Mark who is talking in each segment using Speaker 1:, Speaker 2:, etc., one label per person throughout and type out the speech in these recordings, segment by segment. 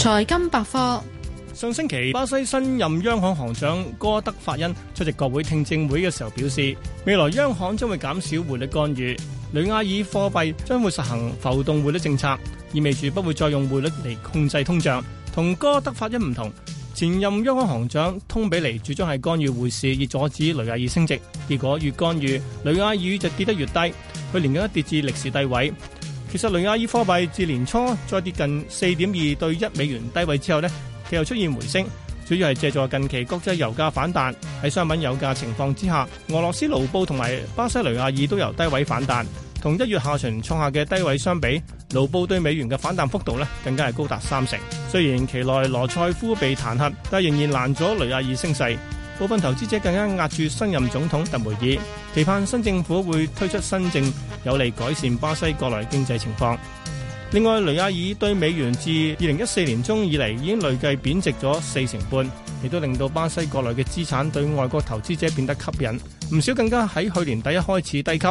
Speaker 1: 財金百科：上星期，巴西新任央行行長戈德法恩出席國會聽證會嘅時候表示，未來央行將會減少匯率干預，雷亞爾貨幣將會實行浮動匯率政策，意味住不會再用匯率嚟控制通脹。同戈德法恩唔同，前任央行行長通比尼主張係干預匯市以阻止雷亞爾升值，結果越干預雷亞爾就跌得越低，去年更加跌至歷史低位。其實雷亞爾貨幣自年初再跌近四點二對一美元低位之後呢，佢又出現回升，主要係借助近期國際油價反彈，喺商品油價情況之下，俄羅斯盧布同埋巴西雷亞爾都由低位反彈。同一月下旬創下嘅低位相比，盧布對美元嘅反彈幅度呢更加係高達三成。雖然期內羅塞夫被彈劾，但仍然難阻雷亞爾升勢。部分投資者更加壓住新任總統特梅爾，期盼新政府會推出新政，有利改善巴西國內經濟情況。另外，雷亞爾對美元自二零一四年中以嚟已經累計貶值咗四成半，亦都令到巴西國內嘅資產對外國投資者變得吸引。唔少更加喺去年第一開始低級。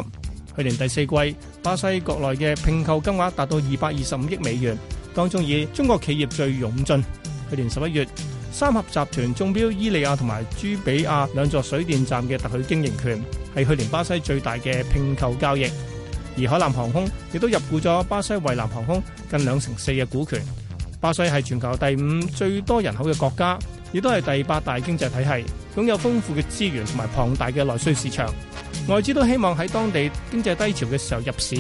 Speaker 1: 去年第四季，巴西國內嘅併購金額達到二百二十五億美元，當中以中國企業最勇進。去年十一月。三峽集團中標伊利亞同埋朱比亞兩座水電站嘅特許經營權，係去年巴西最大嘅併購交易。而海南航空亦都入股咗巴西衛南航空近兩成四嘅股權。巴西係全球第五最多人口嘅國家，亦都係第八大經濟體系，擁有豐富嘅資源同埋龐大嘅內需市場。外資都希望喺當地經濟低潮嘅時候入市。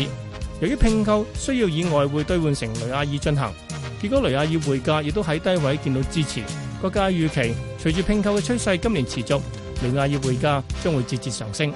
Speaker 1: 由於併購需要以外匯兌換成雷亞爾進行。結果雷亞爾匯價亦都喺低位見到支持，各界預期隨住拼購嘅趨勢今年持續，雷亞爾匯價將會節節上升。